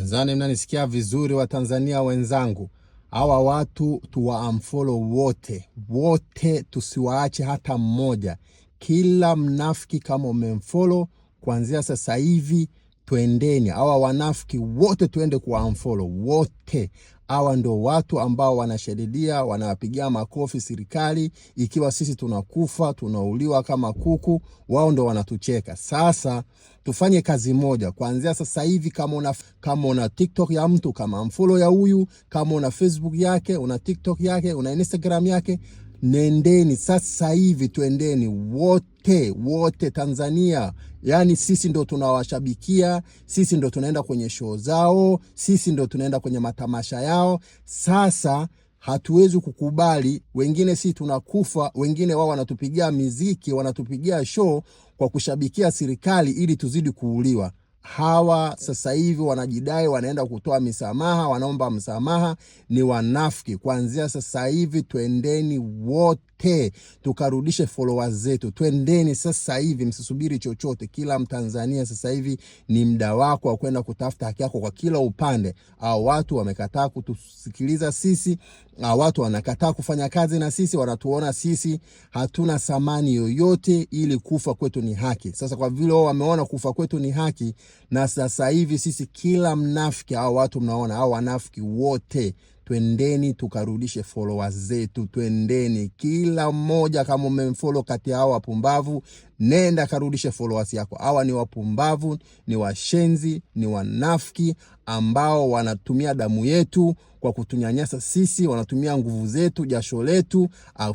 Nadhani mnanisikia vizuri, Watanzania wenzangu. Hawa watu tuwaamfolo wote wote, tusiwaache hata mmoja. Kila mnafiki kama umemfolo, kuanzia sasa hivi twendeni, hawa wanafiki wote twende kwa unfollow wote. Hawa ndo watu ambao wanashadidia, wanawapigia makofi serikali ikiwa sisi tunakufa tunauliwa kama kuku, wao ndo wanatucheka. Sasa tufanye kazi moja kuanzia sasa hivi. Kama una, kama una TikTok ya mtu, kama unfollow ya huyu, kama una Facebook yake, una TikTok yake, una Instagram yake nendeni sasa hivi, twendeni wote wote Tanzania. Yaani sisi ndo tunawashabikia, sisi ndo tunaenda kwenye show zao, sisi ndo tunaenda kwenye matamasha yao. Sasa hatuwezi kukubali wengine, si tunakufa, wengine wao wanatupigia miziki, wanatupigia show kwa kushabikia serikali ili tuzidi kuuliwa hawa sasa hivi wanajidai wanaenda kutoa misamaha, wanaomba msamaha, ni wanafiki. Kuanzia sasa hivi, twendeni wote tukarudishe followers zetu, twendeni sasa hivi, msisubiri chochote. Kila Mtanzania sasa hivi ni mda wako wa kwenda kutafuta haki yako kwa kila upande. Au watu wamekataa kutusikiliza sisi, au watu wanakataa kufanya kazi na sisi, wanatuona sisi hatuna thamani yoyote, ili kufa kwetu ni haki. Sasa kwa vile wao wameona kufa kwetu ni haki na sasa hivi sisi kila mnafiki au watu mnaona au wanafiki wote twendeni tukarudishe followers zetu, twendeni kila mmoja. Kama umemfollow kati ya hao wapumbavu, nenda karudishe followers yako. Hawa ni wapumbavu, ni washenzi, ni wanafiki ambao wanatumia damu yetu kwa kutunyanyasa sisi, wanatumia nguvu zetu, jasho letu,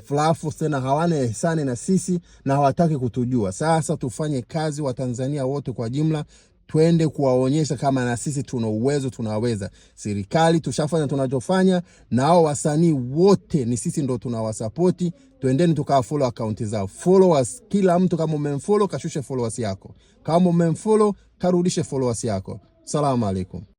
alafu tena hawana ihsani na sisi na hawataki kutujua. Sasa tufanye kazi, Watanzania wote kwa jumla twende kuwaonyesha kama na sisi tuna uwezo, tunaweza. Serikali tushafanya tunachofanya wanafanya, na hao wasanii wote ni sisi ndo tunawasapoti. Twendeni tukawafollow akaunti zao, followers. Kila mtu kama umemfollow kashushe followers yako, kama umemfollow karudishe followers yako. Salamu alaikum.